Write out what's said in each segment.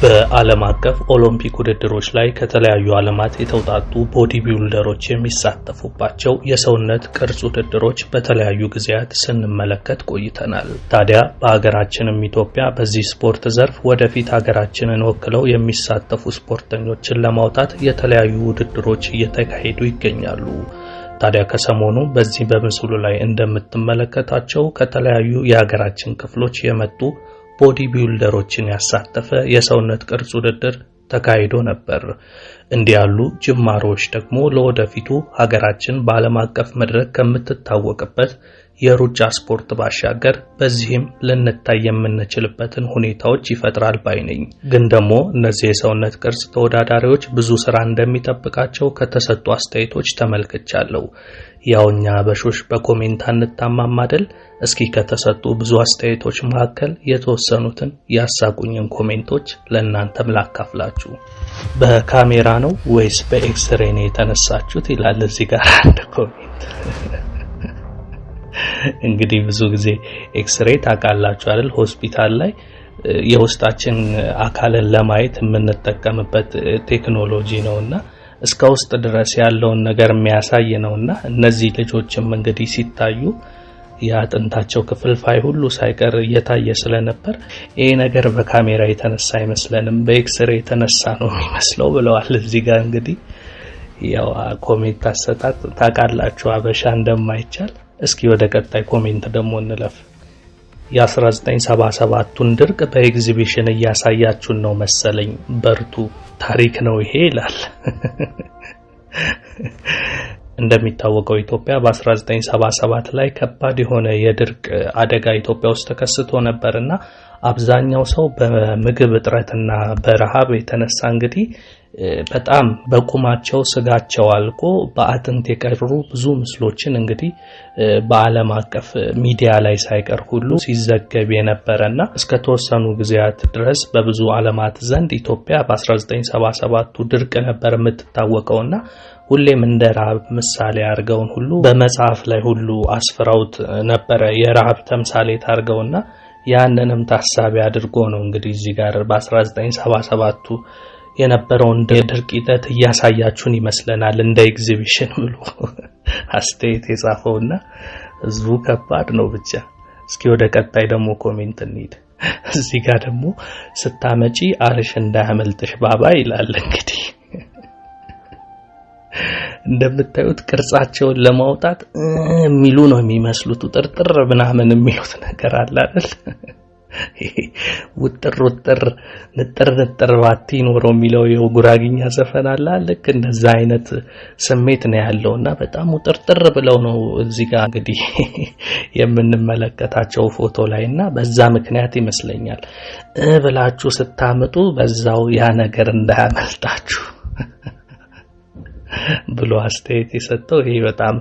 በዓለም አቀፍ ኦሎምፒክ ውድድሮች ላይ ከተለያዩ ዓለማት የተውጣጡ ቦዲ ቢልደሮች የሚሳተፉባቸው የሰውነት ቅርጽ ውድድሮች በተለያዩ ጊዜያት ስንመለከት ቆይተናል። ታዲያ በሀገራችንም ኢትዮጵያ በዚህ ስፖርት ዘርፍ ወደፊት ሀገራችንን ወክለው የሚሳተፉ ስፖርተኞችን ለማውጣት የተለያዩ ውድድሮች እየተካሄዱ ይገኛሉ። ታዲያ ከሰሞኑ በዚህ በምስሉ ላይ እንደምትመለከታቸው ከተለያዩ የሀገራችን ክፍሎች የመጡ ቦዲ ቢልደሮችን ያሳተፈ የሰውነት ቅርጽ ውድድር ተካሂዶ ነበር። እንዲህ ያሉ ጅማሮዎች ደግሞ ለወደፊቱ ሀገራችን በዓለም አቀፍ መድረክ ከምትታወቅበት የሩጫ ስፖርት ባሻገር በዚህም ልንታይ የምንችልበትን ሁኔታዎች ይፈጥራል ባይ ነኝ። ግን ደግሞ እነዚህ የሰውነት ቅርጽ ተወዳዳሪዎች ብዙ ስራ እንደሚጠብቃቸው ከተሰጡ አስተያየቶች ተመልክቻለሁ። ያው እኛ አበሾች በኮሜንት አንታማም አይደል? እስኪ ከተሰጡ ብዙ አስተያየቶች መካከል የተወሰኑትን ያሳቁኝን ኮሜንቶች ለእናንተም ላካፍላችሁ። በካሜራ ነው ወይስ በኤክስሬ ነው የተነሳችሁት? ይላል እዚህ ጋር አንድ ኮሜንት። እንግዲህ ብዙ ጊዜ ኤክስሬ ታውቃላችሁ አይደል? ሆስፒታል ላይ የውስጣችን አካልን ለማየት የምንጠቀምበት ቴክኖሎጂ ነውና እስከ ውስጥ ድረስ ያለውን ነገር የሚያሳይ ነውና እነዚህ ልጆችም እንግዲህ ሲታዩ የአጥንታቸው ክፍልፋይ ሁሉ ሳይቀር እየታየ ስለነበር ይሄ ነገር በካሜራ የተነሳ አይመስለንም፣ በኤክስሬ የተነሳ ነው የሚመስለው ብለዋል። እዚህ ጋር እንግዲህ ያው ኮሜንት አሰጣጥ ታውቃላችሁ አበሻ እንደማይቻል። እስኪ ወደ ቀጣይ ኮሜንት ደግሞ እንለፍ። የ1977ቱን ድርቅ በኤግዚቢሽን እያሳያችሁን ነው መሰለኝ፣ በርቱ ታሪክ ነው ይሄ ይላል። እንደሚታወቀው ኢትዮጵያ በ1977 ላይ ከባድ የሆነ የድርቅ አደጋ ኢትዮጵያ ውስጥ ተከስቶ ነበር እና አብዛኛው ሰው በምግብ እጥረትና በረሃብ የተነሳ እንግዲህ በጣም በቁማቸው ስጋቸው አልቆ በአጥንት የቀሩ ብዙ ምስሎችን እንግዲህ በዓለም አቀፍ ሚዲያ ላይ ሳይቀር ሁሉ ሲዘገብ የነበረና እስከ ተወሰኑ ጊዜያት ድረስ በብዙ ዓለማት ዘንድ ኢትዮጵያ በ1977ቱ ድርቅ ነበር የምትታወቀው ና። ሁሌም እንደ ረሃብ ምሳሌ አድርገውን ሁሉ በመጽሐፍ ላይ ሁሉ አስፍረውት ነበረ። የረሃብ ተምሳሌት አድርገውና ያንንም ታሳቢ አድርጎ ነው እንግዲህ እዚህ ጋር በ1977ቱ የነበረውን ድርቅ ሂደት እያሳያችሁን ይመስለናል እንደ ኤግዚቢሽን ብሎ አስተያየት የጻፈውና ህዝቡ ከባድ ነው ብቻ። እስኪ ወደ ቀጣይ ደግሞ ኮሜንት እንሂድ። እዚህ ጋር ደግሞ ስታመጪ አርሽ እንዳያመልጥሽ ባባ ይላል እንግዲህ እንደምታዩት ቅርጻቸውን ለማውጣት የሚሉ ነው የሚመስሉት። ውጥርጥር ምናምን የሚሉት ነገር አለ አይደል? ውጥር ውጥር ንጥር ንጥር ባቲ ኖሮ የሚለው የጉራግኛ ዘፈን አለ። ልክ እንደዛ አይነት ስሜት ነው ያለውና በጣም ውጥርጥር ብለው ነው እዚህ ጋር እንግዲህ የምንመለከታቸው ፎቶ ላይ እና በዛ ምክንያት ይመስለኛል ብላችሁ ስታምጡ በዛው ያ ነገር እንዳያመልጣችሁ ብሎ አስተያየት የሰጠው ይሄ በጣም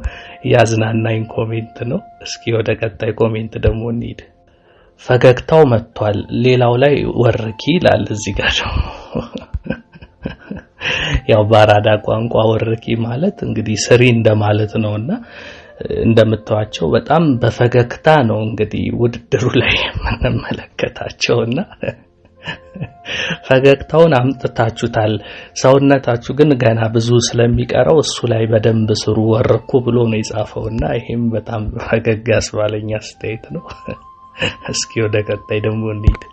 ያዝናናኝ ኮሜንት ነው። እስኪ ወደ ቀጣይ ኮሜንት ደግሞ እንሂድ። ፈገግታው መጥቷል፣ ሌላው ላይ ወርኪ ይላል። እዚህ ጋር ነው ያው በአራዳ ቋንቋ ወርኪ ማለት እንግዲህ ስሪ እንደማለት ነውና እንደምታዋቸው በጣም በፈገግታ ነው እንግዲህ ውድድሩ ላይ የምንመለከታቸውና ፈገግታውን አምጥታችሁታል፣ ሰውነታችሁ ግን ገና ብዙ ስለሚቀረው እሱ ላይ በደንብ ስሩ ወርኩ ብሎ ነው የጻፈውና ይሄም በጣም ፈገግ ያስባለኝ አስተያየት ነው። እስኪ ወደ ቀጣይ ደግሞ እንሂድ።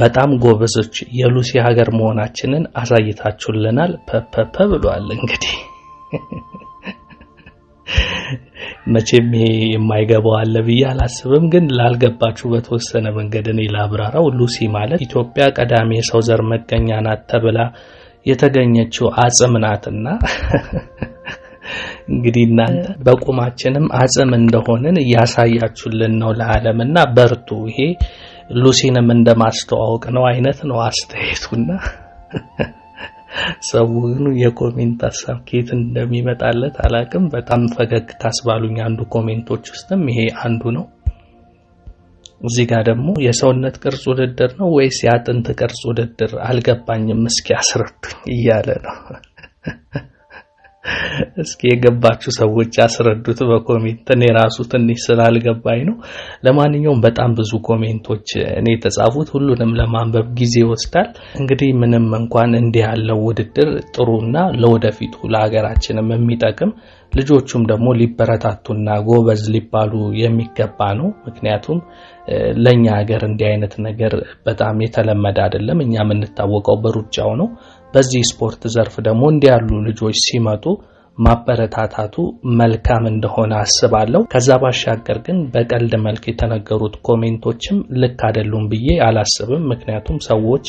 በጣም ጎበዞች የሉሲ ሀገር መሆናችንን አሳይታችሁልናል። ፐፐፐ ብሏል እንግዲህ መቼም ይሄ የማይገባው አለ ብዬ አላስብም። ግን ላልገባችሁ በተወሰነ መንገድ እኔ ላብራራው። ሉሲ ማለት ኢትዮጵያ ቀዳሚ የሰው ዘር መገኛ ናት ተብላ የተገኘችው አጽም ናትና እንግዲህ እናንተ በቁማችንም አጽም እንደሆንን እያሳያችሁልን ነው ለአለምና በርቱ። ይሄ ሉሲንም እንደማስተዋወቅ ነው አይነት ነው አስተያየቱና ሰው ግን የኮሜንት ሀሳብ ከየት እንደሚመጣለት አላቅም። በጣም ፈገግታ ታስባሉኝ። አንዱ ኮሜንቶች ውስጥም ይሄ አንዱ ነው። እዚህ ጋር ደግሞ የሰውነት ቅርጽ ውድድር ነው ወይስ የአጥንት ቅርጽ ውድድር አልገባኝም፣ እስኪ አስረዱኝ እያለ ነው። እስኪ የገባችሁ ሰዎች ያስረዱት በኮሜንት። እኔ ራሱ ትንሽ ስላልገባኝ ነው። ለማንኛውም በጣም ብዙ ኮሜንቶች እኔ የተጻፉት ሁሉንም ለማንበብ ጊዜ ይወስዳል። እንግዲህ ምንም እንኳን እንዲህ ያለው ውድድር ጥሩና ለወደፊቱ ለሀገራችንም የሚጠቅም ልጆቹም ደግሞ ሊበረታቱና ጎበዝ ሊባሉ የሚገባ ነው። ምክንያቱም ለኛ ሀገር እንዲህ አይነት ነገር በጣም የተለመደ አይደለም። እኛ የምንታወቀው በሩጫው ነው። በዚህ ስፖርት ዘርፍ ደግሞ እንዲህ ያሉ ልጆች ሲመጡ ማበረታታቱ መልካም እንደሆነ አስባለሁ። ከዛ ባሻገር ግን በቀልድ መልክ የተነገሩት ኮሜንቶችም ልክ አይደሉም ብዬ አላስብም። ምክንያቱም ሰዎች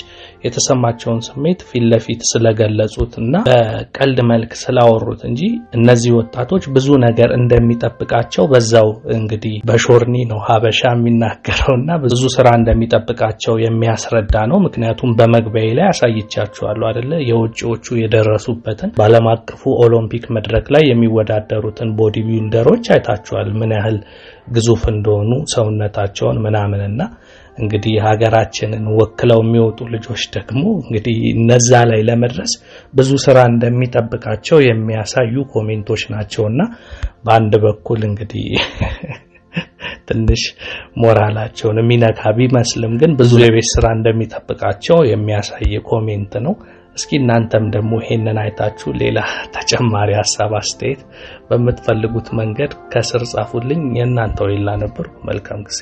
የተሰማቸውን ስሜት ፊት ለፊት ስለገለጹት እና በቀልድ መልክ ስላወሩት እንጂ እነዚህ ወጣቶች ብዙ ነገር እንደሚጠብቃቸው በዛው እንግዲህ በሾርኒ ነው ሀበሻ የሚናገረው እና ብዙ ስራ እንደሚጠብቃቸው የሚያስረዳ ነው። ምክንያቱም በመግቢያ ላይ አሳይቻችኋለሁ አደለ የውጭዎቹ የደረሱበትን በዓለም አቀፉ ኦሎምፒክ መድረክ ላይ የሚወዳደሩትን ቦዲ ቢልደሮች አይታችኋል፣ ምን ያህል ግዙፍ እንደሆኑ ሰውነታቸውን ምናምንና እንግዲህ ሀገራችንን ወክለው የሚወጡ ልጆች ደግሞ እንግዲህ እነዛ ላይ ለመድረስ ብዙ ስራ እንደሚጠብቃቸው የሚያሳዩ ኮሜንቶች ናቸውና በአንድ በኩል እንግዲህ ትንሽ ሞራላቸውን የሚነካ ቢመስልም ግን ብዙ የቤት ስራ እንደሚጠብቃቸው የሚያሳይ ኮሜንት ነው። እስኪ እናንተም ደግሞ ይሄንን አይታችሁ ሌላ ተጨማሪ ሀሳብ አስተያየት በምትፈልጉት መንገድ ከስር ጻፉልኝ። የእናንተው ሌላ ነበርኩ። መልካም ጊዜ